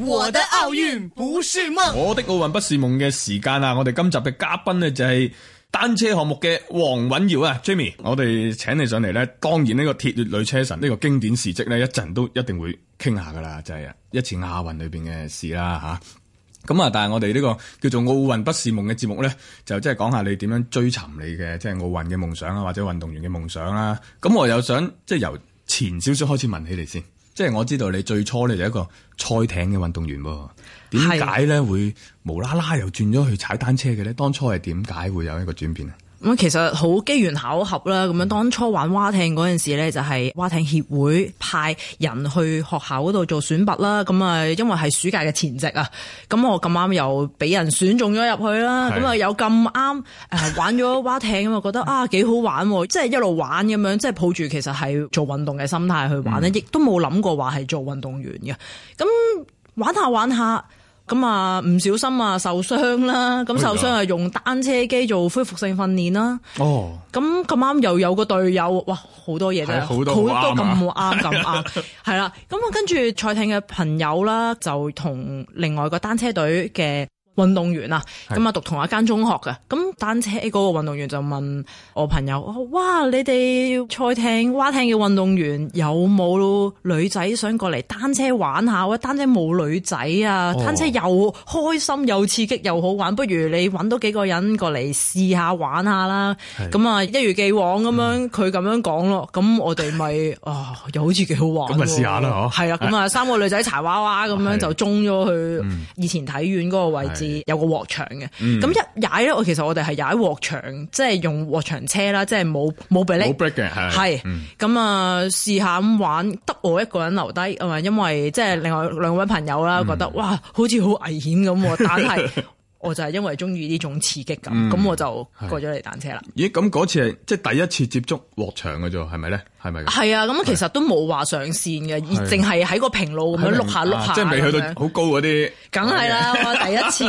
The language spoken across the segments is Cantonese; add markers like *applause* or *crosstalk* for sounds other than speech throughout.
我的奧運不是夢，我的奧運不是夢嘅時間啊！我哋今集嘅嘉賓呢，就係單車項目嘅黃蘊瑤啊，Jamie，我哋請你上嚟咧，當然呢個鐵血女車神呢、呢個經典事跡咧，一陣都一定會傾下噶啦，就係、是、啊一次亞運裏邊嘅事啦吓。咁啊，但係我哋呢個叫做奧運不是夢嘅節目咧，就即係講下你點樣追尋你嘅即係奧運嘅夢想啊，或者運動員嘅夢想啦。咁我又想即係、就是、由前少少開始問起你先。即係我知道你最初咧就係一個賽艇嘅運動員喎，點解咧會無啦啦又轉咗去踩單車嘅咧？當初係點解會有一個轉變啊？咁其實好機緣巧合啦，咁樣當初玩蛙艇嗰陣時咧，就係、是、蛙艇協會派人去學校嗰度做選拔啦。咁啊，因為係暑假嘅前夕啊，咁我咁啱又俾人選中咗入去啦。咁啊，有咁啱誒玩咗蛙艇咁啊，覺得啊幾好玩，即係一路玩咁樣，即係抱住其實係做運動嘅心態去玩咧，嗯、亦都冇諗過話係做運動員嘅。咁玩下玩下。咁啊，唔小心啊，受傷啦！咁受傷啊，用單車機做恢復性訓練啦。哦那那，咁咁啱又有個隊友，哇，好多嘢啫，好多好多咁啱咁啱，係啦。咁啊跟住賽艇嘅朋友啦，就同另外個單車隊嘅。運動員啊，咁啊讀同一間中學嘅。咁單車嗰個運動員就問我朋友，哇，你哋賽艇、蛙艇嘅運動員有冇女仔想過嚟單車玩下？單車冇女仔啊，單車又開心又刺激又好玩，不如你揾多幾個人過嚟試下玩下啦。咁啊，一如既往咁樣，佢咁樣講咯，咁我哋咪啊，又好似幾好玩。咁咪試下啦，嗬。係啊，咁啊三個女仔柴娃娃咁樣就中咗去以前體院嗰個位置。有個鑊場嘅，咁、嗯、一踩咧，我其實我哋係踩鑊場，即係用鑊場車啦，即係冇冇 brake 嘅係咁啊，試下咁玩，得我一個人留低啊嘛，因為即係另外兩位朋友啦，覺得、嗯、哇，好似好危險咁，但係。 *laughs* 我就係因為中意呢種刺激感，咁、嗯、我就過咗嚟單車啦。咦、欸？咁嗰次係即係第一次接觸鑊場嘅啫，係咪咧？係咪？係啊，咁其實都冇話上線嘅，啊、而淨係喺個平路咁樣碌下碌下碌下，啊、即係未去到好高嗰啲。梗係啦，的我第一次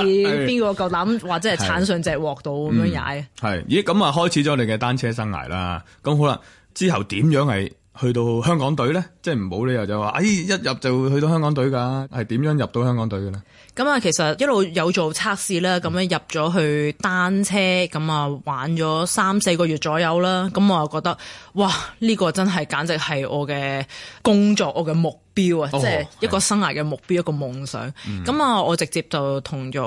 邊個夠膽或者係踩上隻鑊度咁樣踩？係咦、嗯？咁啊、欸、開始咗你嘅單車生涯啦。咁好啦，之後點樣係去到香港隊咧？即係唔好理由就話，哎一入就去到香港隊噶，係點樣入到香港隊嘅咧？咁啊，其實一路有做測試啦，咁樣入咗去單車，咁啊玩咗三四個月左右啦，咁我又覺得，哇！呢、這個真係簡直係我嘅工作，我嘅目標啊，即係、oh, 一個生涯嘅目標的一個夢想。咁啊、嗯，我直接就同咗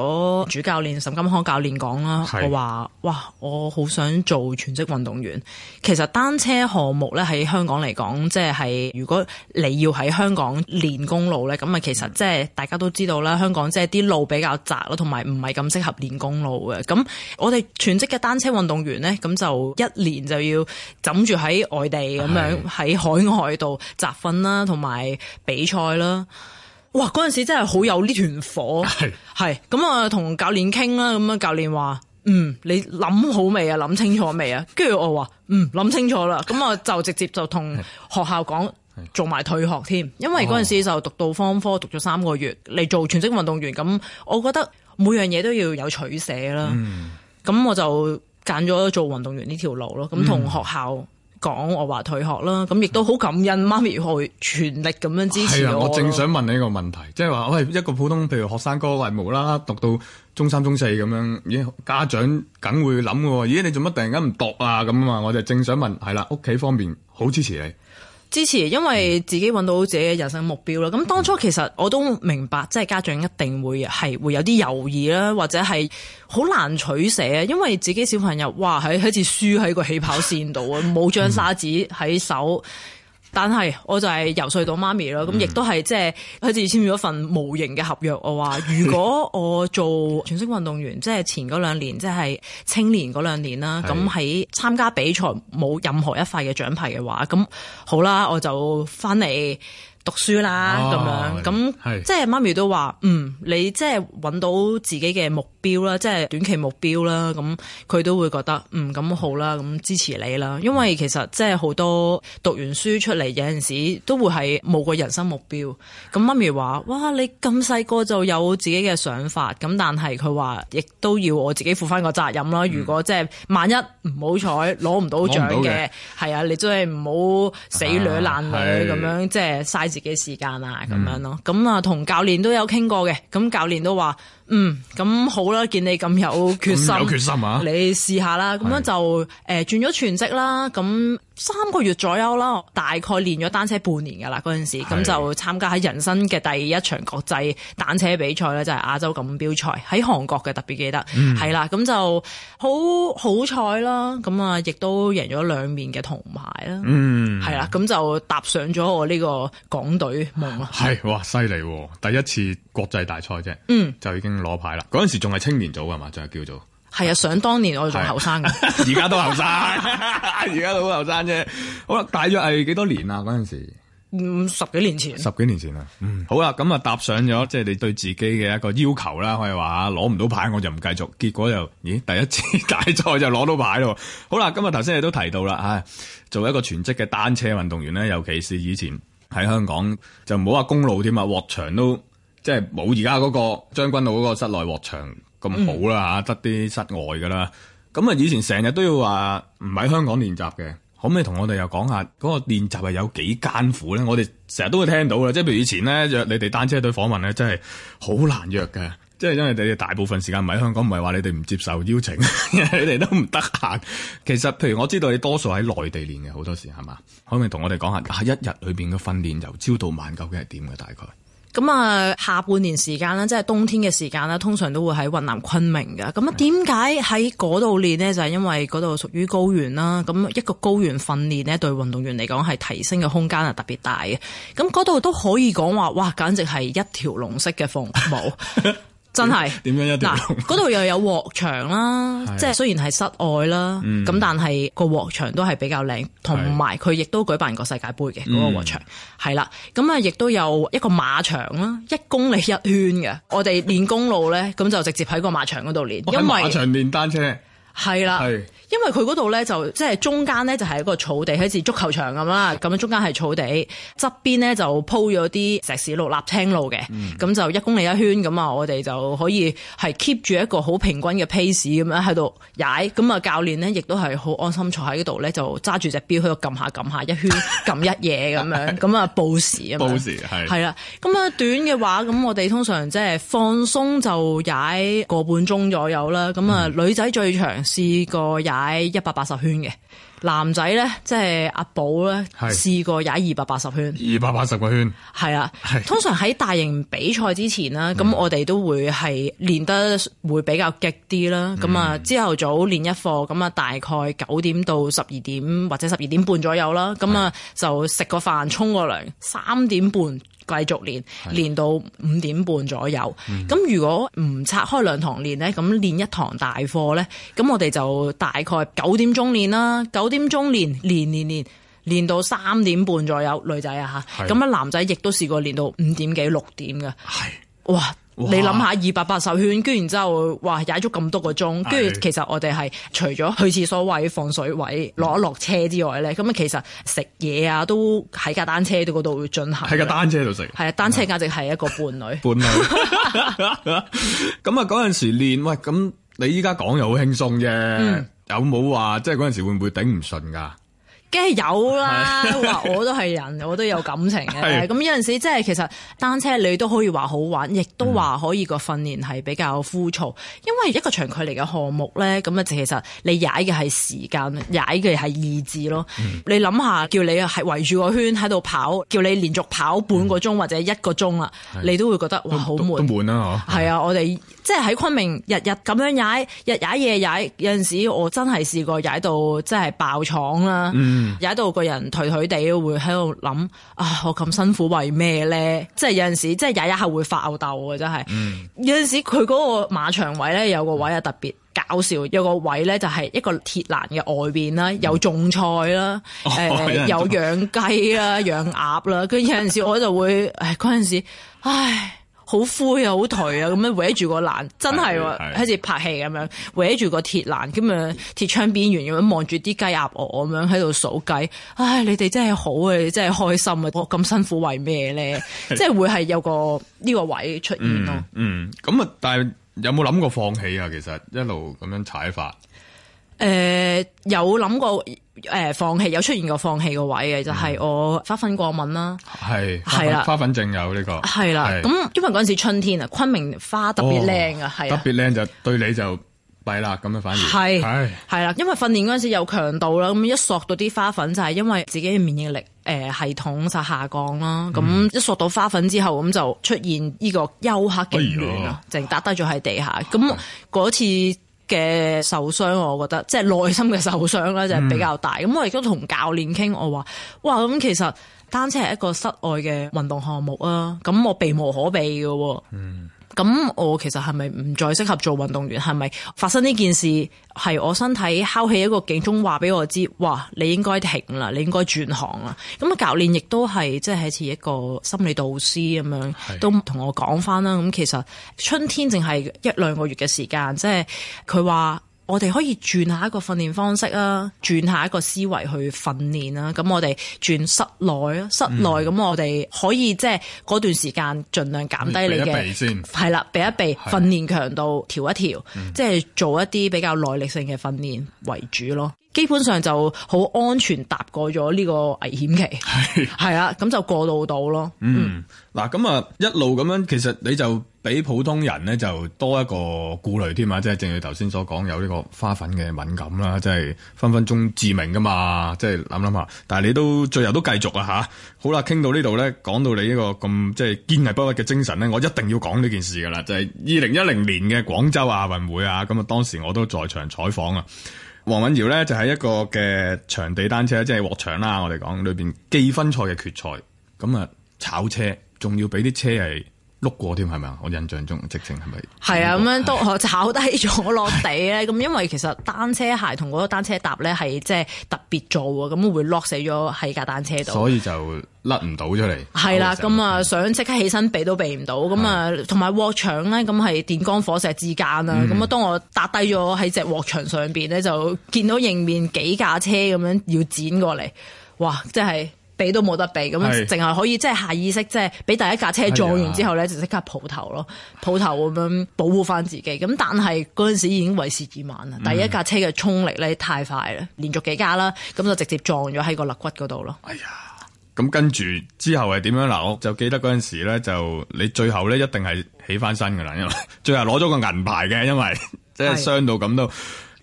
主教練沈金康教練講啦，我話哇！我好想做全職運動員，其實單車項目咧喺香港嚟講，即、就、係、是、如果你要喺香港練公路咧，咁啊其實即係大家都知道啦，香港即啲路比較窄咯，同埋唔係咁適合練公路嘅。咁我哋全職嘅單車運動員咧，咁就一年就要枕住喺外地咁樣喺海外度集訓啦，同埋比賽啦。哇！嗰陣時真係好有呢團火，係咁啊，同教練傾啦。咁啊，教練話：嗯，你諗好未啊？諗清楚未啊？跟住我話：嗯，諗清楚啦。咁啊，就直接就同學校講。做埋退學添，at, 因為嗰陣時就讀到方科讀咗三個月，嚟做全職運動員，咁我覺得每樣嘢都要有取捨啦。咁我就揀咗做運動員呢條路咯。咁同學校講我話退學啦，咁亦都好感恩媽咪去全力咁樣支持我。係啦， *noise* 我正想問你一個問題，即係話喂一個普通譬如學生哥，喂無啦啦讀到中三中四咁樣，咦家長梗會諗喎，咦你做乜突然間唔讀啊？咁啊我就正想問，係啦，屋企方面好支持你。支持，因為自己揾到自己嘅人生目標啦。咁當初其實我都明白，即係家長一定會係會有啲猶豫啦，或者係好難取捨，因為自己小朋友哇，喺開始輸喺個起跑線度啊，冇 *laughs* 張沙紙喺手。但係我就係遊說到媽咪咯，咁亦都係即係好似簽咗份無形嘅合約。我話如果我做全職運動員，即係前嗰兩年，即係青年嗰兩年啦，咁喺參加比賽冇任何一塊嘅獎牌嘅話，咁好啦，我就翻嚟。讀書啦咁、哦、樣，咁是即係媽咪都話嗯，你即係揾到自己嘅目標啦，即係短期目標啦。咁佢都會覺得嗯，咁好啦，咁支持你啦。因為其實即係好多讀完書出嚟，有陣時都會係冇個人生目標，咁媽咪話哇，你咁細個就有自己嘅想法。咁但係佢話亦都要我自己負翻個責任啦。如果即係萬一唔好彩攞唔到獎嘅，係啊，你真係唔好死女爛女咁樣，即係嘥。自己時間啊咁樣咯，咁啊同教練都有傾過嘅，咁教練都話。嗯，咁好啦，見你咁有決心，有決心啊！你試下啦，咁樣就誒轉咗全職啦，咁三個月左右啦，大概練咗單車半年噶啦，嗰陣時咁是就參加喺人生嘅第一場國際單車比賽咧，就係、是、亞洲錦標賽，喺韓國嘅特別記得，係、嗯、啦，咁就好好彩啦，咁啊亦都贏咗兩面嘅銅牌啦，嗯，係、嗯、啦，咁就踏上咗我呢個港隊夢啦，係哇，犀利、啊，第一次國際大賽啫，嗯，就已經。攞牌啦！嗰陣時仲係青年組㗎嘛，仲係叫做係啊！想當年我哋仲後生嘅，啊、 *laughs* 而家都後生，而家都好後生啫。好啦，大約係幾多年啊？嗰陣時嗯十幾年前，十幾年前啦。嗯，好啦，咁啊搭上咗，即、就、係、是、你對自己嘅一個要求啦。可以話攞唔到牌我就唔繼續。結果就咦，第一次大賽就攞到牌咯。好啦，今日頭先你都提到啦，吓作為一個全職嘅單車運動員咧，尤其是以前喺香港就唔好話公路添啊，鑊場都即係冇而家嗰個將軍澳嗰個室內獲場咁好啦，啊、吓，嗯、得啲室外噶啦。咁啊，以前成日都要話唔喺香港練習嘅，可唔可以同我哋又講下嗰個練習係有幾艱苦咧？我哋成日都會聽到嘅，即係譬如以前咧約你哋單車隊訪問咧，真係好難約嘅，即係因為你哋大部分時間唔喺香港，唔係話你哋唔接受邀請，你哋都唔得閒。其實，譬如我知道你多數喺內地練嘅好多時係嘛，可唔可以同我哋講下喺一日裏邊嘅訓練由朝到晚究竟係點嘅大概？咁啊，下半年時間咧，即係冬天嘅時間咧，通常都會喺雲南昆明嘅。咁啊，點解喺嗰度練咧？就係因為嗰度屬於高原啦。咁一個高原訓練咧，對運動員嚟講係提升嘅空間係特別大嘅。咁嗰度都可以講話哇，簡直係一條龍式嘅服務。 *laughs* 真係點 *laughs* 樣一啲？嗱、啊，嗰度又有鑊場啦， *laughs* 即係雖然係室外啦，咁的但係個鑊場都係比較靚，同埋佢亦都舉辦過世界盃嘅嗰的個鑊場，係啦。咁啊，亦都有一個馬場啦，一公里一圈嘅。 *laughs* 我哋練公路咧，咁就直接喺個馬場嗰度練， *laughs* 因為馬場練單車。係啦，因為佢嗰度咧就即係中間咧就係一個草地，好似足球場咁啦。咁中間係草地，側邊咧就鋪咗啲石屎路、瀝青路嘅。咁就一公里一圈咁啊，我哋就可以係 keep 住一個好平均嘅 pace 咁樣喺度踩。咁啊，教練呢，亦都係好安心坐喺嗰度咧，就揸住隻錶喺度撳下撳下一圈撳一嘢。咁樣。咁啊，報時啊，報時係。係啦，咁啊短嘅話，咁我哋通常即係放鬆就踩個半鐘左右啦。咁啊，女仔最長。試過踩一百八十圈嘅，男仔咧，即係阿寶咧，試是過踩二百八十圈，二百八十個圈，係啦、啊。是通常喺大型比賽之前啦，咁、嗯、我哋都會係練得會比較激啲啦。咁啊、嗯，朝頭早練一課，咁啊，大概九點到十二點或者十二點半左右啦。咁啊是，就食個飯，沖個涼，三點半。繼續練，練到五點半左右。咁、嗯、如果唔拆開兩堂練呢？咁練一堂大課呢？咁我哋就大概九點鐘練啦。九點鐘練，練練練，練到三點半左右。女仔啊吓，咁啊是男仔亦都試過練到五點幾、六點嘅。係是，哇！哇你諗下二百八十圈，居然之後，哇踩咗咁多個鐘，跟住、嗯、其實我哋係除咗去廁所位、放水位、落一落車之外咧，咁啊其實食嘢啊都喺架單車度會進行。喺架單車度食。係啊，單車價值係一個伴侶。伴侶。咁啊嗰陣時練，喂咁你依家講又好輕鬆啫。嗯、有冇話即係嗰陣時會唔會頂唔順㗎？梗係有啦，話我都係人，我都有感情嘅。咁有陣時，即係其實單車你都可以話好玩，亦都話可以個訓練係比較枯燥，因為一個長距離嘅項目咧，咁啊，其實你踩嘅係時間，踩嘅係意志咯。你諗下，叫你係圍住個圈喺度跑，叫你連續跑半個鐘或者一個鐘啦，你都會覺得哇好悶。都悶啦，嗬？係啊，我哋即係喺昆明日日咁樣踩，日踩夜踩，有陣時我真係試過踩到即係爆廠啦。 *music* 有喺度個人頹頹地會喺度諗啊！我咁辛苦為咩咧？即係有陣時，即係日日係會發吽竇嘅，真係。 *music* 有陣時佢嗰個馬場位咧，有個位啊特別搞笑，有個位咧就係一個鐵欄嘅外邊啦，有種菜啦，誒、 *music* 呃、有養雞啦、養鴨啦，跟住 *laughs* 有陣時我就會，唉嗰陣時，唉。好灰啊，好頹啊，咁樣搲住個欄，真係喎，好似拍戲咁樣搲住個鐵欄，咁樣鐵窗邊緣咁樣望住啲雞鴨鵝咁樣喺度數雞。唉，你哋真係好啊，真係開心啊！我咁辛苦為咩咧？ *laughs* 即係會係有個呢、這個位出現咯、啊嗯。嗯，咁啊，但係有冇諗過放棄啊？其實一路咁樣踩法。誒、呃，有諗過。誒，放棄有出現過放棄個位嘅就係我花粉過敏啦，係係啦，花粉症有呢個係啦。咁因為嗰陣時春天啊，昆明花特別靚啊，係特別靚就對你就弊啦，咁樣反而係係係啦。因為訓練嗰陣時有強度啦，咁一索到啲花粉就係因為自己嘅免疫力誒系統就下降啦。咁一索到花粉之後，咁就出現呢個休克嘅亂啊，淨打低咗喺地下。咁嗰次。嘅受傷，我覺得即係內心嘅受傷咧，就係比較大。咁、嗯、我亦都同教練傾，我話：哇，咁其實單車係一個室外嘅運動項目啊，咁我避無可避嘅喎。嗯。咁我其實係咪唔再適合做運動員？係咪發生呢件事？係我身體敲起一個警鐘，話俾我知，哇！你應該停啦，你應該轉行啦。咁啊，教練亦都係即係似一個心理導師咁樣，的都同我講翻啦。咁其實春天淨係一兩個月嘅時間，即係佢話。我哋可以轉下一個訓練方式啦，轉下一個思維去訓練啦。咁我哋轉室內啊，室內咁、嗯、我哋可以即係嗰段時間盡量減低你嘅先，係啦，避一避，訓練強度調一調，即係、嗯、做一啲比較耐力性嘅訓練為主咯。基本上就好安全踏過咗呢個危險期，係 *laughs* 啊，咁就過渡到咯。嗯，嗱咁啊，一路咁樣，其實你就比普通人呢就多一個顧慮添嘛，即係正如頭先所講，有呢個花粉嘅敏感啦，即係分分鐘致命噶嘛，即係諗諗下。但係你都最後都繼續啊吓，好啦，傾到呢度呢，講到你呢個咁即係堅毅不屈嘅精神呢，我一定要講呢件事噶啦，就係二零一零年嘅廣州亞運會啊，咁啊，當時我都在場採訪啊。黃蘊瑤咧就喺、是、一個嘅場地單車，即係握場啦。我哋講裏邊積分賽嘅決賽，咁啊炒車，仲要俾啲車係。碌過添係咪啊？我印象中直情係咪？係啊，咁樣當我炒低咗落地咧。咁、 *laughs* 啊、因為其實單車鞋同嗰個單車踏咧係即係特別做啊，咁會 lock 死咗喺架單車度。所以就甩唔到出嚟。係啦、啊，咁啊、嗯、想即刻起身避都避唔到。咁啊同埋鑊牆咧，咁係電光火石之間啊。咁啊、嗯，當我搭低咗喺隻鑊牆上邊咧，就見到迎面幾架車咁樣要剪過嚟。哇！即係～避都冇得避，咁淨係可以即係下意識，即係俾第一架車撞完之後咧，哎、呀就即刻抱頭咯，抱頭咁樣保護翻自己。咁但係嗰陣時已經為時已晚啦。嗯、第一架車嘅衝力咧太快啦，連續幾架啦，咁就直接撞咗喺個肋骨嗰度咯。哎呀，咁跟住之後係點樣嗱？我就記得嗰陣時咧，就你最後咧一定係起翻身噶啦，因為最後攞咗個銀牌嘅，因為即係傷到咁都。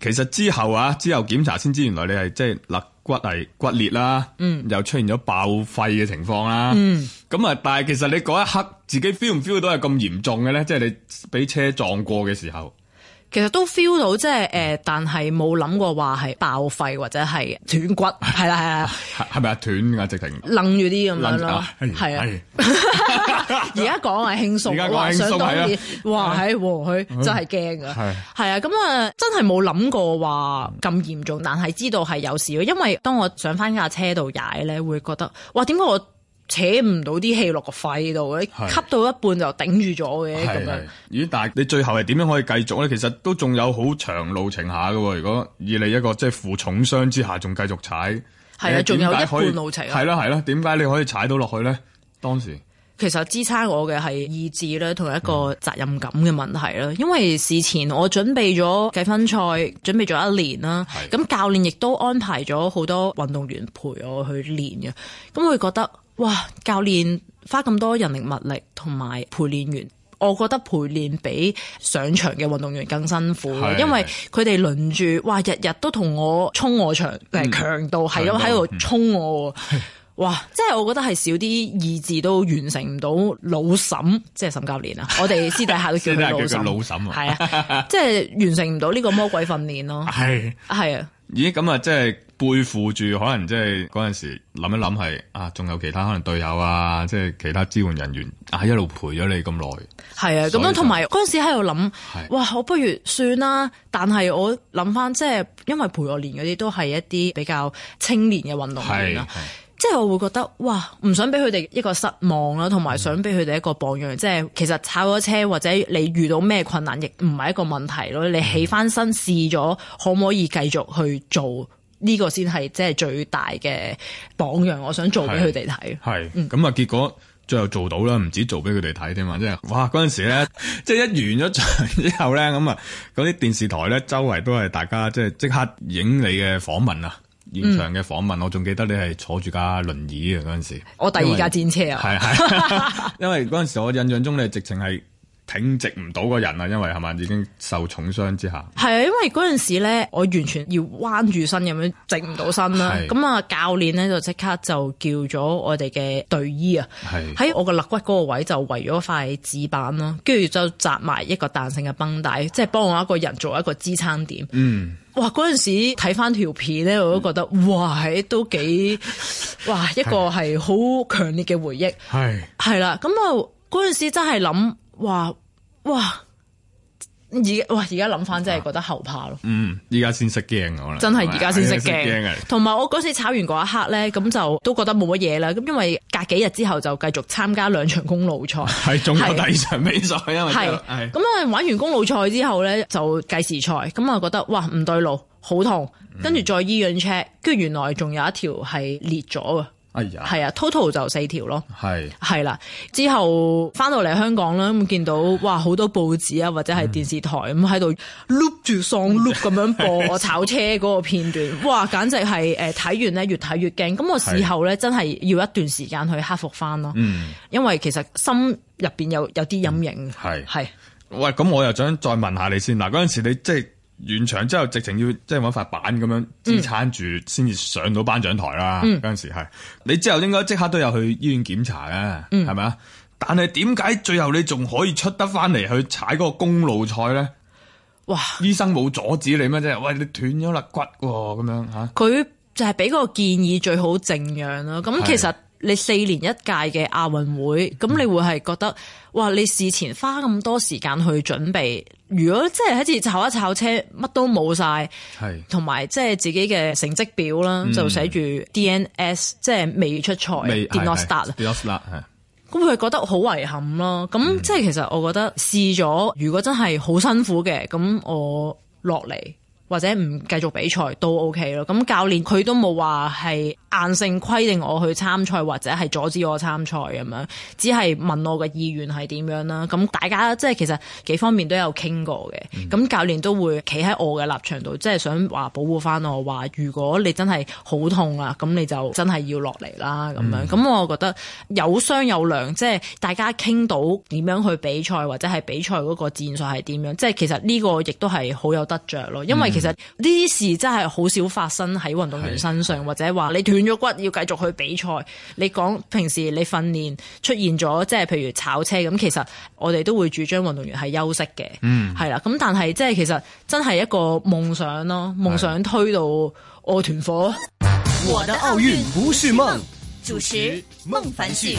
其實之後啊，之後檢查先知，原來你係即係肋骨係骨裂啦，嗯，又出現咗爆肺嘅情況啦，嗯，咁啊，但係其實你嗰一刻自己 feel 唔 feel 到係咁嚴重嘅咧？即係你俾車撞過嘅時候。其實都 feel 到即係誒，但係冇諗過話係爆肺或者係斷骨，係啦係啦，係咪啊斷啊直情愣住啲咁樣咯，係啊弄。而家講係輕鬆，唉 *laughs* 想當然，哇，唉，佢真係驚噶，係啊，咁啊，真係冇諗過話咁嚴重，但係知道係有事。因為當我上翻架車度踩咧，會覺得哇，點解我？扯唔到啲氣落個肺度，是吸到一半就頂住咗嘅咁樣。咦？但係你最後係點樣可以繼續咧？其實都仲有好長路程下噶。如果以你一個即係負重傷之下繼，仲繼續踩，係啊、呃，仲還有可以可以一半路程，啊。係咯係咯，點解你可以踩到落去咧？當時其實支撐我嘅係意志咧，同一個責任感嘅問題啦。嗯、因為事前我準備咗計分賽，準備咗一年啦。咁的教練亦都安排咗好多運動員陪我去練嘅。咁我會覺得。哇！教練花咁多人力物力同埋陪練員，我覺得陪練比上場嘅運動員更辛苦，因為佢哋輪住哇，日日都同我衝我場，誒強度係咁喺度衝我。哇！即係我覺得係少啲意志都完成唔到老沈，即係沈教練啊！我哋私底下都叫佢老沈，老沈啊！係啊，即係完成唔到呢個魔鬼訓練咯，係係啊。咦咁啊，即係背負住，可能即係嗰陣時諗一諗係啊，仲有其他可能隊友啊，即係其他支援人員啊，一路陪咗你咁耐。係啊，咁樣同埋嗰陣時喺度諗，係哇，我不如算啦。但係我諗翻，即係因為陪我練嗰啲都係一啲比較青年嘅運動員啦。即係我會覺得，哇，唔想俾佢哋一個失望啦，同埋想俾佢哋一個榜樣。嗯、即係其實炒咗車或者你遇到咩困難，亦唔係一個問題咯。你起翻身試咗、嗯，可唔可以繼續去做呢個先係即係最大嘅榜樣。我想做俾佢哋睇。係，咁啊，嗯、結果最後做到啦，唔止做俾佢哋睇添嘛，即係哇！嗰陣時咧， *laughs* 即係一完咗場之後咧，咁啊，嗰啲電視台咧，周圍都係大家即係即刻影你嘅訪問啊。現場嘅訪問，嗯、我仲記得你係坐住架輪椅嘅，嗰陣時，我第二架戰車啊，係係為 *laughs* 因為嗰陣時我印象中你直情係。挺直唔到個人啦，因為係咪已經受重傷之下。係啊，因為嗰陣時咧，我完全要彎住身咁樣，直唔到身啦。咁啊，教練咧就即刻就叫咗我哋嘅隊醫啊，喺我個肋骨嗰個位就圍咗塊紙板咯，跟住就紮埋一個彈性嘅繃帶，即係幫我一個人做一個支撐點。嗯，哇、啊！嗰陣時睇翻條片咧，我都覺得哇，都幾哇一個係好強烈嘅回憶。係係啦，咁啊嗰陣時真係諗。話哇而哇而家諗翻真係覺得後怕咯，嗯，而家先識驚可能，真係而家先識驚嘅。同埋我嗰時炒完嗰一刻咧，咁就都覺得冇乜嘢啦。咁因為隔幾日之後就繼續參加兩場公路賽，係仲 *laughs* 有第二場比賽是因為嘛，係咁是是我玩完公路賽之後咧就計時賽，咁啊覺得哇唔對路，好痛，跟住、嗯、再醫院 check，跟住原來仲有一條係裂咗啊。係、哎、啊，total 就四條咯，係是，係啦、啊。之後翻到嚟香港啦，咁見到哇好多報紙啊，或者係電視台咁喺度碌住喪碌咁樣播 *laughs* 炒車嗰個片段，哇！簡直係誒睇完咧越睇越驚。咁我事後咧真係要一段時間去克服翻咯，嗯是，因為其實心入邊有有啲陰影，係係、嗯。是喂，咁我又想再問下你先嗱，嗰陣時你即係。完場之後，直情要即係搵塊板咁樣支撐住，先至上到頒獎台啦。嗰陣、嗯、時係你之後應該即刻都有去醫院檢查嘅，係咪啊？但係點解最後你仲可以出得翻嚟，去踩嗰個公路賽咧？哇！醫生冇阻止你咩啫？喂，你斷咗肋骨喎、啊，咁樣吓？佢就係俾個建議，最好靜養啦。咁其實。你四年一屆嘅亞運會，咁你會係覺得，哇！你事前花咁多時間去準備，如果即係喺次炒一炒車，乜都冇晒，係是，同埋即係自己嘅成績表啦，嗯、就寫住 DNS，即係未出賽，未 did not start，咁佢係覺得好遺憾咯。咁、嗯、即係其實我覺得試咗，如果真係好辛苦嘅，咁我落嚟。或者唔繼續比賽都 O K 咯，咁教練佢都冇話係硬性規定我去參賽或者係阻止我參賽咁樣，只係問我嘅意願係點樣啦。咁大家即係其實幾方面都有傾過嘅，咁、嗯、教練都會企喺我嘅立場度，即係想話保護返我，話如果你真係好痛啊，咁你就真係要落嚟啦咁樣。咁、嗯、我覺得有商有量，即、就、係、是、大家傾到點樣去比賽或者係比賽嗰個戰術係點樣，即係其實呢個亦都係好有得着咯，因為。其實呢啲事真係好少發生喺運動員身上，的或者話你斷咗骨要繼續去比賽。你講平時你訓練出現咗，即係譬如炒車咁，其實我哋都會主張運動員係休息嘅。嗯，係啦，咁但係即係其實真係一個夢想咯，夢想推到我團火。的我的奧運不是夢。主持孟凡旭。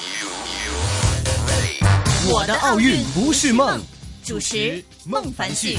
我的奧運不是夢主持孟凡旭，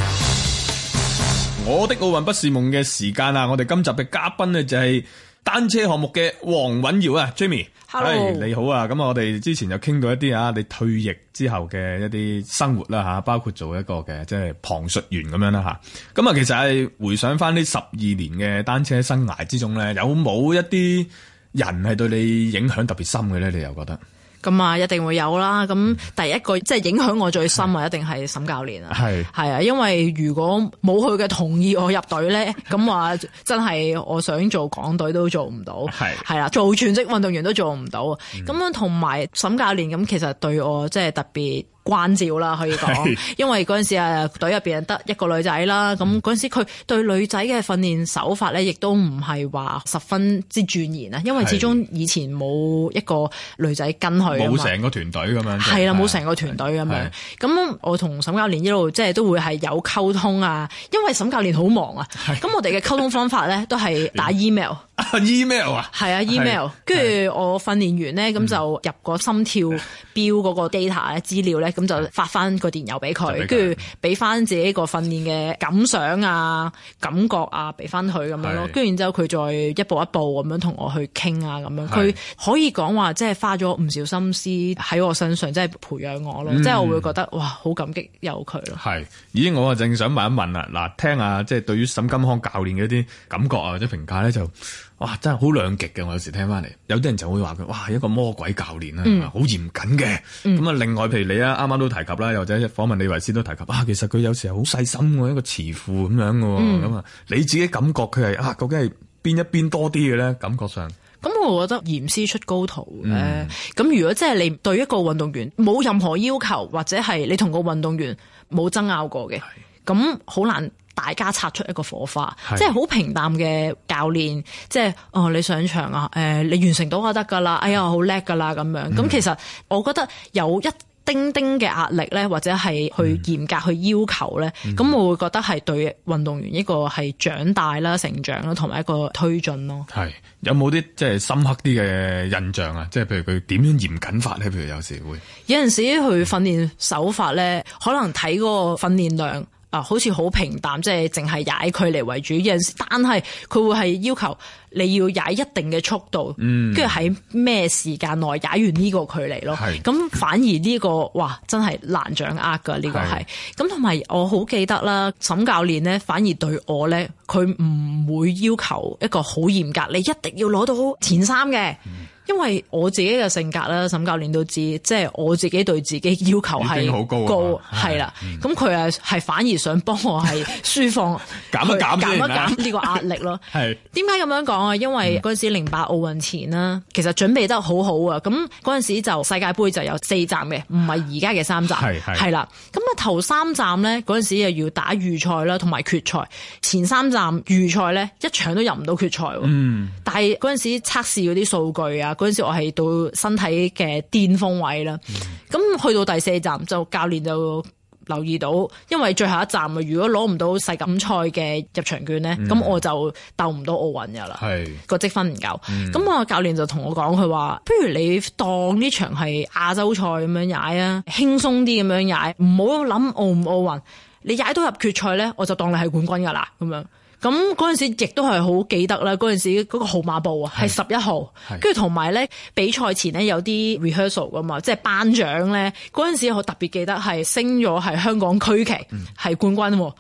我的奧運不是夢嘅時間啊，我哋今集嘅嘉賓呢，就係單車項目嘅黃蘊瑤啊，Jamie，hello，你好啊，咁啊，我哋之前又傾到一啲啊，你退役之後嘅一啲生活啦吓，包括做一個嘅即係旁述員咁樣啦吓，咁啊，其實係回想翻呢十二年嘅單車生涯之中咧，有冇一啲人係對你影響特別深嘅咧？你又覺得？咁啊，一定會有啦。咁第一個即係影響我最深啊，是一定係沈教練啊。係係啊，因為如果冇佢嘅同意，我入隊咧，咁話 *laughs* 真係我想做港隊都做唔到。係係啦，做全職運動員都做唔到。咁樣同埋沈教練咁，其實對我即係特別關照啦，可以講，因為陣時啊隊入邊得一個女仔啦，咁陣時佢對女仔嘅訓練手法咧，亦都唔係話十分之鑽研啊，因為始終以前冇一個女仔跟佢，冇成個團隊咁樣，係啦，冇成個團隊咁樣，咁我同沈教練一路即係都會係有溝通啊，因為沈教練好忙啊。咁我哋嘅溝通方法咧，都係打 email。email 啊，係啊 email。跟住我訓練完咧，咁就入個心跳錶個 data 資料咧。咁就發翻個電郵俾佢，跟住俾翻自己個訓練嘅感想啊、感覺啊，俾翻佢咁樣咯。跟住然之後佢再一步一步咁樣同我去傾啊，咁樣佢是的 可以講話即係花咗唔少心思喺我身上，即係培養我咯。即係我會覺得哇，好感激有佢咯。係，咦，我啊正想問一問啊，嗱，聽下即係對於沈金康教練嘅一啲感覺啊或者評價咧就。哇，真係好兩極嘅，我有時聽翻嚟，有啲人就會話佢，哇，一個魔鬼教練啊，好、嗯、嚴謹嘅。咁啊、嗯，另外譬如你啊，啱啱都提及啦，又或者訪問李維斯都提及，啊，其實佢有時係好細心嘅一個慈父咁樣嘅。咁啊、嗯，嗯、你自己感覺佢係啊，究竟係邊一邊多啲嘅咧？感覺上，咁我覺得嚴師出高徒咧。咁、嗯嗯、如果即係你對一個運動員冇任何要求，或者係你同個運動員冇爭拗過嘅。咁好難，大家擦出一個火花，是即係好平淡嘅教練，即係哦，你上場啊，誒、呃，你完成到就得㗎啦，哎呀，好叻㗎啦咁樣。咁、嗯、其實我覺得有一丁丁嘅壓力咧，或者係去嚴格去要求咧，咁、嗯、我會覺得係對運動員一個係長大啦、成長啦，同埋一個推進咯。係有冇啲即係深刻啲嘅印象啊？即係譬如佢點樣嚴謹法咧？譬如有時會有陣時佢訓練手法咧，可能睇嗰個訓練量。啊，好似好平淡，即係淨係踩距離為主。有陣時，但係佢會係要求你要踩一定嘅速度，嗯，跟住喺咩時間內踩完呢個距離咯。咁是反而呢、這個，哇，真係難掌握㗎。呢是個係咁，同埋，是我好記得啦。沈教練咧，反而對我咧，佢唔會要求一個好嚴格，你一定要攞到前三嘅。嗯因為我自己嘅性格啦，沈教練都知，即係我自己對自己要求係高，係啦。咁佢啊係反而想幫我係舒放減一減減 *laughs* 一減呢個壓力咯。係點解咁樣講啊？因為嗰陣時零八奧運前啦，其實準備得好好啊。咁嗰陣時就世界杯就有四站嘅，唔係而家嘅三站。係係啦。咁啊的頭三站咧，嗰陣時又要打預賽啦，同埋決賽前三站預賽咧一場都入唔到決賽。嗯。但係嗰陣時測試嗰啲數據啊。嗰陣時我係到身體嘅巔峰位啦，咁、嗯、去到第四站就教練就留意到，因為最後一站啊，如果攞唔到世錦賽嘅入場券咧，咁、嗯、我就鬥唔到奧運噶啦，是個積分唔夠。咁、嗯、我教練就同我講，佢話不如你當呢場係亞洲賽咁樣踩啊，輕鬆啲咁樣踩，唔好諗奧唔奧運，你踩到入決賽咧，我就當你係冠軍噶啦，咁樣。咁嗰陣時亦都係好記得啦，嗰陣時嗰個號碼布啊係十一號，跟住同埋咧比賽前咧有啲 rehearsal 噶嘛，即係頒獎咧嗰陣時我特別記得係升咗係香港區旗係、嗯、冠軍，跟住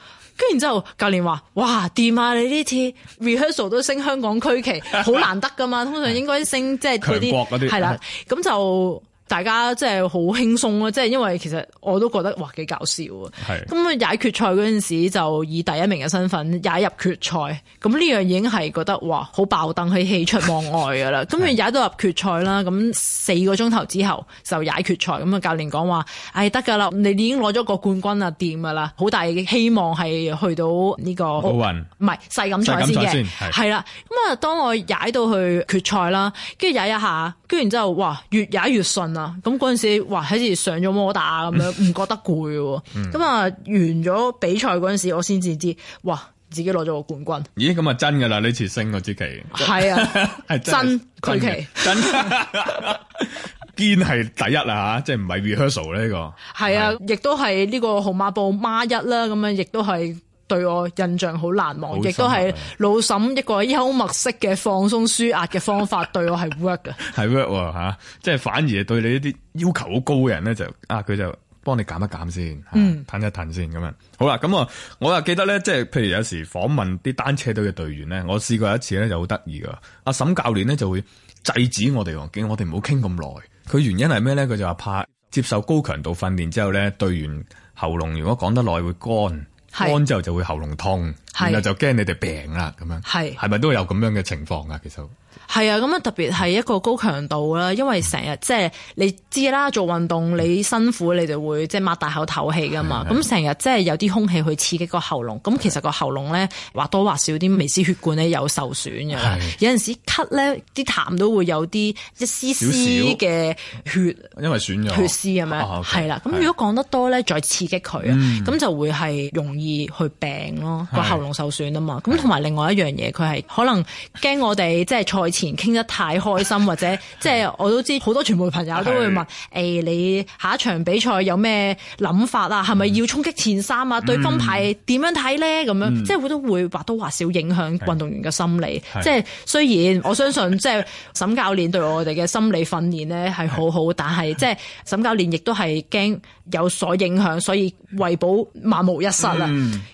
然之後教練話：哇掂啊！你呢次 rehearsal 都升香港區旗，好 *laughs* 難得噶嘛，通常應該升即係嗰啲係啦，咁、就是、就。嗯嗯大家即係好輕鬆咯，即係因為其實我都覺得哇幾搞笑啊！咁踩決賽陣時就以第一名嘅身份踩入決賽，咁呢樣已經係覺得哇好爆燈係喜出望外㗎啦！咁啊踩到入決賽啦，咁四個鐘頭之後就踩決賽，咁啊教練講話，誒得㗎啦，你已經攞咗個冠軍啊，掂㗎啦，好大希望係去到呢個奧運唔係世錦賽先嘅，係啦。咁啊當我踩到去決賽啦，跟住踩一下，跟住然之後哇越踩越順啊！咁嗰陣時，哇，好似上咗魔打咁樣，唔覺得攰嘅。咁啊、 *laughs* 嗯，完咗比賽嗰陣時，我先至知，哇，自己攞咗個冠軍。咦，咁啊， *laughs* 啊，真噶啦，呢次升咗支旗。係啊，係真佢旗，真堅係第一啦吓，即係唔係 rehearsal 呢個。係啊，啊亦，亦都係呢個號碼布孖一啦，咁樣亦都係。對我印象好難忘，亦都係老沈一個幽默式嘅放鬆舒壓嘅方法，對我係 work 嘅，係 *laughs* work 吓、啊，即係反而對你呢啲要求好高嘅人咧，就啊佢就幫你減一減先，褪、啊嗯、一褪先咁樣。好啦，咁我我又記得咧，即係譬如有時訪問啲單車隊嘅隊員咧，我試過一次咧就好得意噶。阿、啊、沈教練咧就會制止我哋，叫我哋唔好傾咁耐。佢原因係咩咧？佢就話怕接受高強度訓練之後咧，隊員喉嚨如果講得耐會乾。肝，之後就會喉嚨痛，是然後就驚你哋病啦咁樣，係咪是都有咁樣嘅情況啊？其實。係啊，咁啊，特別係一個高強度啦，因為成日即係你知啦，做運動你辛苦，你就會即係擘大口唞氣噶嘛。咁成日即係有啲空氣去刺激個喉嚨，咁其實個喉嚨咧或多或少啲微絲血管咧有受損嘅。是的 有陣時咳咧，啲痰都會有啲一絲絲嘅血，因為損嘅血絲咁樣。係啦、哦，咁、okay, 如果講得多咧，再刺激佢，啊，咁就會係容易去病咯。個喉嚨受損啊嘛。咁同埋另外一樣嘢，佢係可能驚我哋即係賽前傾得太開心，或者即係我都知好多傳媒朋友都會問：誒是、欸，你下一場比賽有咩諗法啊？係咪、嗯、要衝擊前三啊？對金牌點樣睇呢？」咁樣、嗯、即係會都會或多或少影響運動員嘅心理。即係雖然我相信即係沈教練對我哋嘅心理訓練咧係好好，但係即係沈教練亦都係驚。有所影響，所以為保萬無一失啦。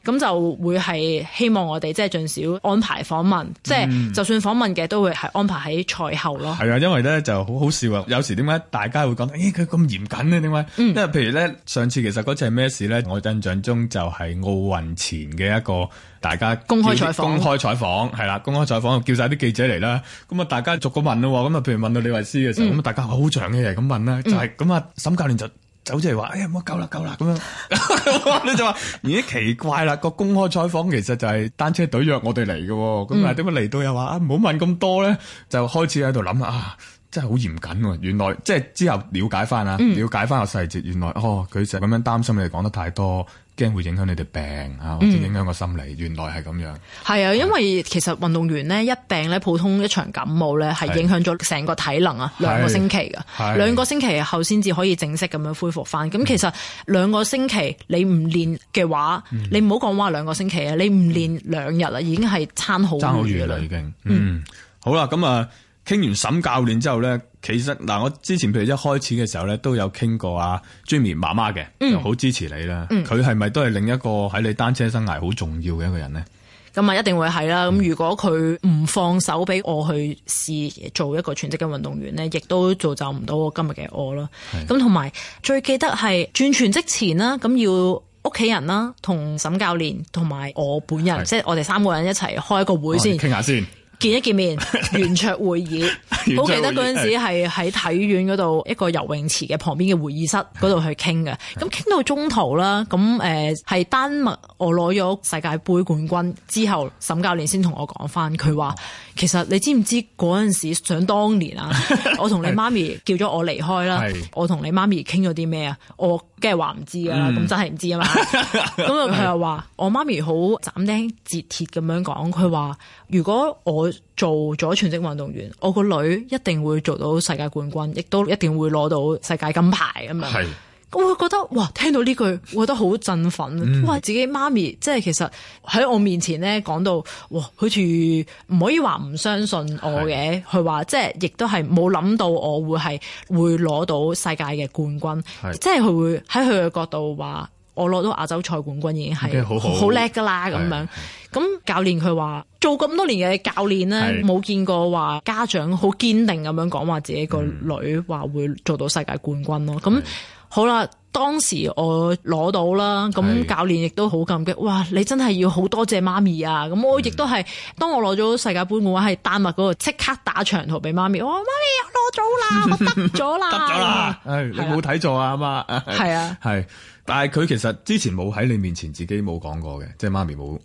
咁、嗯、就會係希望我哋即係盡少安排訪問，即係、嗯、就，就算訪問嘅都會係安排喺賽後咯。係啊，因為咧就好好笑啊！有時點解大家會講，咦，佢、欸、咁嚴謹呢、啊？點解？嗯、因為譬如咧上次其實嗰次係咩事咧？我印象中就係奧運前嘅一個大家公開採公開採訪係啦，公開採訪叫晒啲記者嚟啦。咁啊，大家逐個問咯。咁啊，譬如問到李慧詩嘅時候，咁啊、嗯，大家好長嘅嘢咁問啦，就係咁啊，沈教練就走出嚟話，哎呀，唔好夠啦，夠啦咁樣， *laughs* *laughs* 你就話，咦，奇怪啦，個公開採訪其實就係單車隊約我哋嚟嘅，咁啊點解嚟到又話，啊，唔好問咁多咧？就開始喺度諗啊，真係好嚴謹喎。原來即係之後了解翻啦，了解翻個細節，嗯、原來哦，佢就咁樣擔心你講得太多。驚會影響你哋病啊，或者影響個心理，嗯、原來係咁樣。係啊，是因為其實運動員咧一病咧，普通一場感冒咧，係是影響咗成個體能啊，兩個星期噶，兩是個星期後先至可以正式咁樣恢復翻。咁、嗯、其實兩個星期你唔練嘅話，嗯、你唔好講話兩個星期啊，你唔練兩日啦，嗯、已經係差好遠啦，已經。嗯，嗯好啦，咁啊。傾完沈教練之後呢，其實嗱，我之前譬如一開始嘅時候呢，都有傾過阿、啊、Jimmy 媽媽嘅，好、嗯、支持你啦。佢係咪都係另一個喺你單車生涯好重要嘅一個人呢？咁啊、嗯，一定會係啦。咁如果佢唔放手俾我去試做一個全職嘅運動員呢，亦都造就唔到我今日嘅我咯。咁同埋最記得係轉全職前啦，咁要屋企人啦，同沈教練同埋我本人，即係是我哋三個人一齊開一個會、啊、先傾下先。見一見面，圓桌會議， *laughs* 會議我記得嗰陣時係喺體院嗰度的一個游泳池嘅旁邊嘅會議室嗰度去傾嘅。咁傾的到中途啦，咁誒係丹麥，我攞咗世界盃冠軍之後，沈教練先同我講翻，佢話、哦、其實你知唔知嗰陣時想當年啊，我同你媽咪叫咗我離開啦的，我同你媽咪傾咗啲咩啊，我。梗係話唔知㗎啦，咁、嗯、真係唔知啊嘛。咁佢又話，我媽咪好斬釘截鐵咁樣講，佢話如果我做咗全職運動員，我個女一定會做到世界冠軍，亦都一定會攞到世界金牌咁樣。我會覺得哇，聽到呢句，我覺得好振奮。嗯、哇，自己媽咪即係其實喺我面前咧講到，哇，好似唔可以話唔相信我嘅，佢話是的 即係亦都係冇諗到我會係會攞到世界嘅冠軍，是的 即係佢會喺佢嘅角度話，我攞到亞洲賽冠軍已經係好好好叻噶啦咁是的 樣。咁教練佢話做咁多年嘅教練咧，冇是的 見過話家長好堅定咁樣講話自己個女話會做到世界冠軍咯。咁好啦，當時我攞到啦，咁教練亦都好感激，是的 哇！你真係要好多謝媽咪啊！咁、嗯、我亦都係，當我攞咗世界盃嘅話，係丹麥嗰度即刻打長途俾媽，媽咪，我媽咪攞咗啦，我得咗啦， *laughs* 得咗啦了！唉、嗯，哎、你冇睇錯啊，阿是的 媽，係啊，係的的，但係佢其實之前冇喺你面前自己冇講過嘅，即係媽咪冇。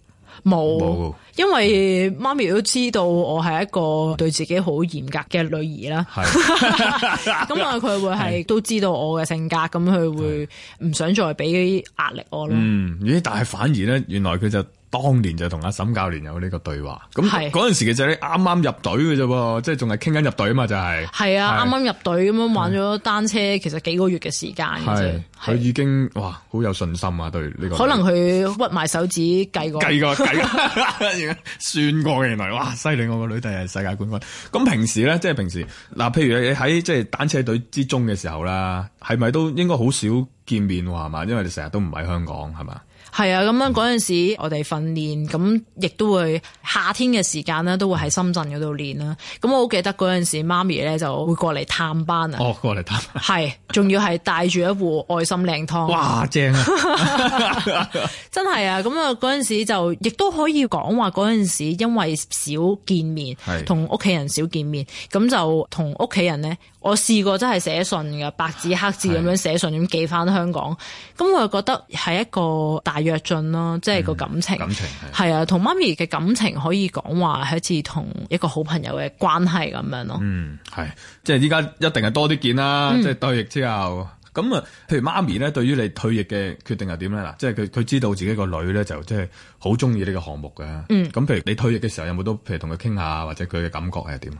冇，有因為媽咪都知道我係一個對自己好嚴格嘅女兒啦。咁啊是的，佢 *laughs* *laughs* 會係都知道我嘅性格，咁佢的會唔想再俾壓力我咯。嗯，咦？但係反而咧，原來佢就。當年就同阿沈教練有呢個對話，咁嗰陣時嘅就你啱啱入隊嘅啫，即係仲係傾緊入隊啊嘛，就係、係、係啊，啱啱係入隊咁樣玩咗單車，其實幾個月嘅時間嘅啫，佢已經哇好有信心啊，對呢個可能佢屈埋手指計過計過計算過嘅，過過 *laughs* 原來哇犀利！我個女第日世界冠軍。咁平時咧，即、就、係、係、平時嗱，譬如你喺即係單車隊之中嘅時候啦，係咪都應該好少見面喎？係嘛，因為你成日都唔喺香港，係嘛。係啊，咁樣嗰陣時我哋訓練咁，亦都會夏天嘅時間咧，都會喺深圳嗰度練啦。咁我好記得嗰陣時，媽咪咧就會過嚟探班啊。哦，過嚟探班。係，仲要係帶住一壺愛心靚湯。哇嘩， *laughs* 正啊！ *laughs* *laughs* 真係啊，咁啊嗰陣時就亦都可以講話，嗰陣時因為少見面，係同屋企人少見面，咁就同屋企人咧。我試過真係寫信㗎，白紙黑字咁樣寫信咁是的 寄翻香港，咁我就覺得係一個大躍進咯，即係個感情，嗯、感情係，啊，同媽咪嘅感情可以講話係一次同一個好朋友嘅關係咁樣咯。嗯，係，即係依家一定係多啲見啦，即係、嗯、退役之後，咁啊，譬如媽咪咧，對於你退役嘅決定係點咧？嗱，即係佢佢知道自己個女咧就即係好中意呢個項目嘅。嗯，咁譬如你退役嘅時候有冇都譬如同佢傾下，或者佢嘅感覺係點？咁、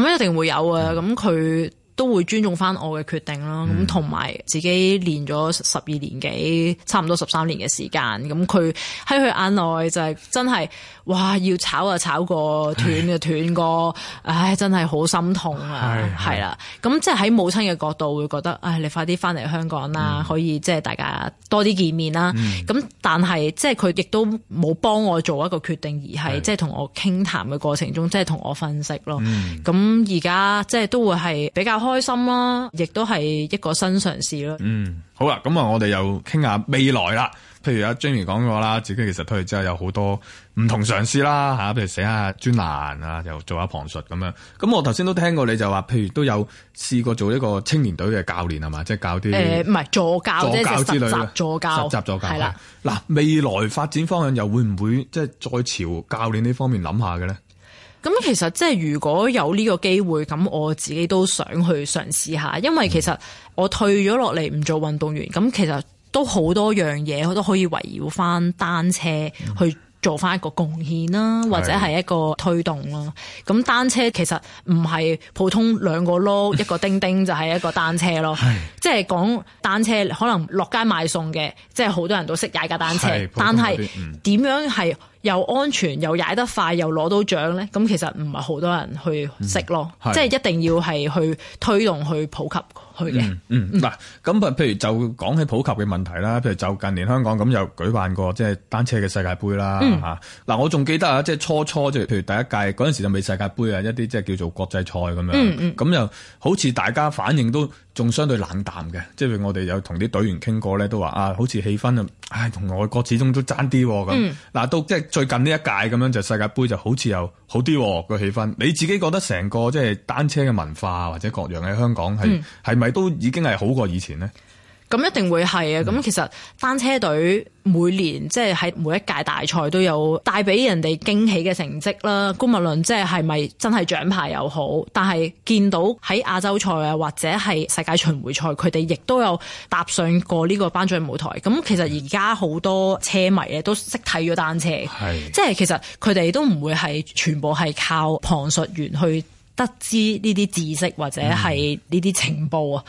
嗯、一定會有啊，咁佢、嗯。嗯都會尊重翻我嘅決定咯，咁同埋自己練咗十二年幾差唔多十三年嘅時間，咁佢喺佢眼內就係真係哇！要炒啊炒過斷就斷過，唉，唉，真係好心痛啊，係是啦。咁即係喺母親嘅角度會覺得，唉，你快啲翻嚟香港啦，嗯、可以即係大家多啲見面啦。咁、嗯、但係即係佢亦都冇幫我做一個決定，而係即係同我傾談嘅過程中，是即係同我分析咯。咁而家即係都會係比較。開心啦、啊，亦都係一個新嘗試咯。嗯，好啦，咁啊，我哋又傾下未來啦。譬如阿 Jamie 講過啦，自己其實退役之後有好多唔同嘗試啦吓、啊，譬如寫下專欄啊，又做下旁述咁樣。咁我頭先都聽過你就話，譬如都有試過做一個青年隊嘅教練係嘛，即係教啲誒，唔係、呃、助教，助教之類實習助教，實習助教啦。嗱了、啊，未來發展方向又會唔會即係再朝教練呢方面諗下嘅咧？咁其實即係如果有呢個機會，咁我自己都想去嘗試下，因為其實我退咗落嚟唔做運動員，咁其實都好多樣嘢，我都可以圍繞返單車去做返一個貢獻啦，或者係一個推動啦。咁是單車其實唔係普通兩個轆 *laughs* 一個叮叮就係一個單車咯， *laughs* 即係講單車可能落街買餸嘅，即係好多人都識踩架單車，是但係是點、嗯、樣係？又安全又踩得快又攞到獎咧，咁其實唔係好多人去識咯，嗯、即係一定要係去推動去普及。嗯嗯嗱，咁啊，譬如就講起普及嘅問題啦，譬如就近年香港咁又舉辦過即係單車嘅世界盃啦，嚇。嗱、嗯啊，我仲記得啊，即係初初即係譬如第一屆嗰陣時就未世界盃啊，一啲即係叫做國際賽咁樣。嗯，咁又好似大家反應都仲相對冷淡嘅，即係我哋有同啲隊員傾過咧，都話啊，好似氣氛啊，唉，同外國始終都爭啲咁。嗯。嗱、啊，到即係最近呢一屆咁樣就世界盃就好似又好啲，個氣氛。你自己覺得成個即係單車嘅文化或者各樣喺香港係係咪？嗯係都已經係好過以前呢，咁一定會係啊！咁的其實單車隊每年即係喺每一屆大賽都有帶俾人哋驚喜嘅成績啦。咁無論即係係咪真係獎牌又好，但係見到喺亞洲賽啊，或者係世界巡迴賽，佢哋亦都有踏上過呢個頒獎舞台。咁的其實而家好多車迷咧都識睇咗單車，的即係其實佢哋都唔會係全部係靠旁述員去得知呢啲知識或者係呢啲情報啊，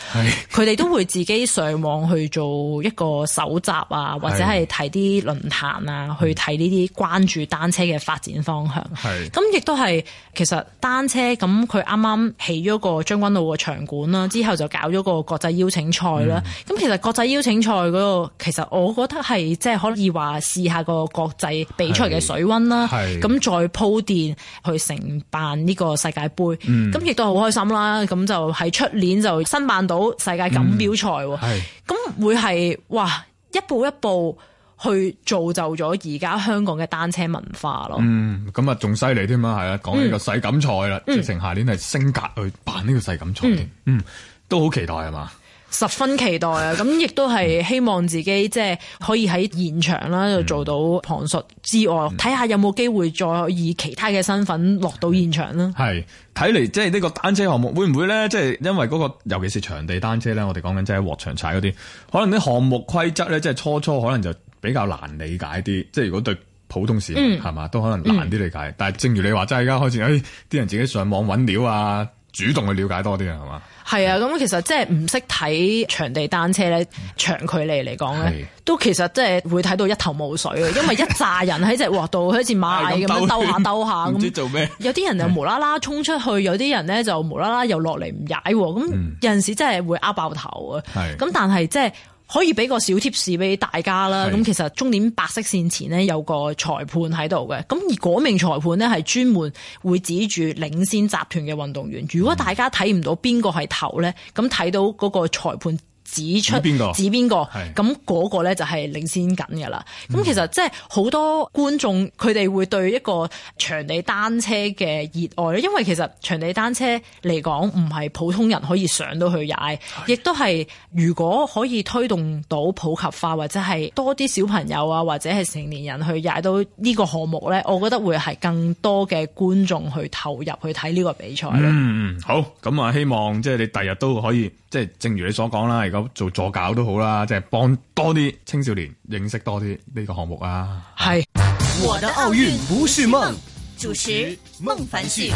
佢哋、嗯、都會自己上網去做一個搜集啊，嗯、或者係睇啲論壇啊，嗯、去睇呢啲關注單車嘅發展方向。係，咁亦都係其實單車咁佢啱啱起咗個將軍澳嘅場館啦，之後就搞咗個國際邀請賽啦。咁、嗯、其實國際邀請賽嗰個，其實我覺得係即係可以話試下個國際比賽嘅水溫啦。係，咁再鋪墊去承辦呢個世界杯。嗯，咁亦都好開心啦，咁就喺出年就申辦到世界錦標賽，係、嗯，咁會係哇一步一步去造就咗而家香港嘅單車文化咯。嗯，咁啊仲犀利添啊，係啊，講呢個世錦賽啦，直情下年係升格去辦呢個世錦賽，嗯、嗯，都好期待係嘛？十分期待啊！咁亦都係希望自己即係可以喺現場啦，就做到旁述之外，睇下、嗯、有冇機會再以其他嘅身份落到現場啦。係睇嚟，即係呢個單車項目會唔會咧？即、就、係、是、因為嗰、那個，尤其是場地單車咧，我哋講緊即係鑊場踩嗰啲，可能啲項目規則咧，即係初初可能就比較難理解啲。即係如果對普通市民係嘛、嗯，都可能難啲理解。嗯、但係正如你話齋，而家開始，哎，啲人自己上網揾料啊！主動去了解多啲 *noise* 啊，係嘛？係啊，咁其實即係唔識睇場地單車咧，長距離嚟講咧，是都其實即係會睇到一頭霧水啊！因為一扎人喺隻鑊度，好似馬蟻咁樣兜下兜下，唔知做咩。有啲人又無啦啦衝出去，有啲人咧就無啦啦又落嚟唔踩，咁是有陣時真係會呃爆頭啊！咁是但係即係。可以俾個小貼士俾大家啦，咁其實終點白色線前呢，有個裁判喺度嘅，咁而嗰名裁判呢，係專門會指住領先集團嘅運動員。如果大家睇唔到邊個係頭呢，咁睇到嗰個裁判。指出邊個指邊個？咁嗰個咧是就係領先緊嘅啦。咁其實即係好多觀眾佢哋會對一個場地單車嘅熱愛咧，因為其實場地單車嚟講唔係普通人可以上到去踩，亦都係如果可以推動到普及化，或者係多啲小朋友啊，或者係成年人去踩到呢個項目咧，我覺得會係更多嘅觀眾去投入去睇呢個比賽啦。嗯嗯，好，咁啊，希望即係你第日都可以，即係正如你所講啦，而家做助教都好啦，即係幫多啲青少年認識多啲呢個項目啊！係是我的奧運不是夢，夢主持孟凡旭。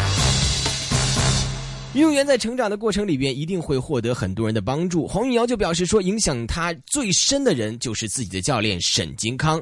運動員在成長的過程裏邊，一定會獲得很多人的幫助。黃蘊瑤就表示說，影響他最深的人就是自己的教練沈金康。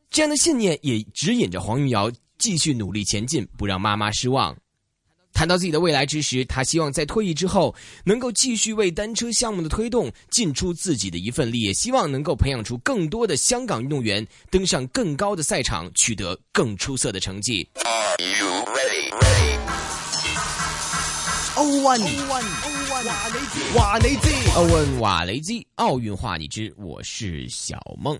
這樣的信念也指引着黃蘊瑤繼續努力前進，不讓媽媽失望。談到自己的未來之時，她希望在退役之後能夠繼續為單車項目的推動盡出自己的一份力，也希望能夠培養出更多的香港運動員登上更高的賽場，取得更出色的成績。Are you ready? r e a 雷基，ady, one, 運 one, 奧運話你知，我是小夢。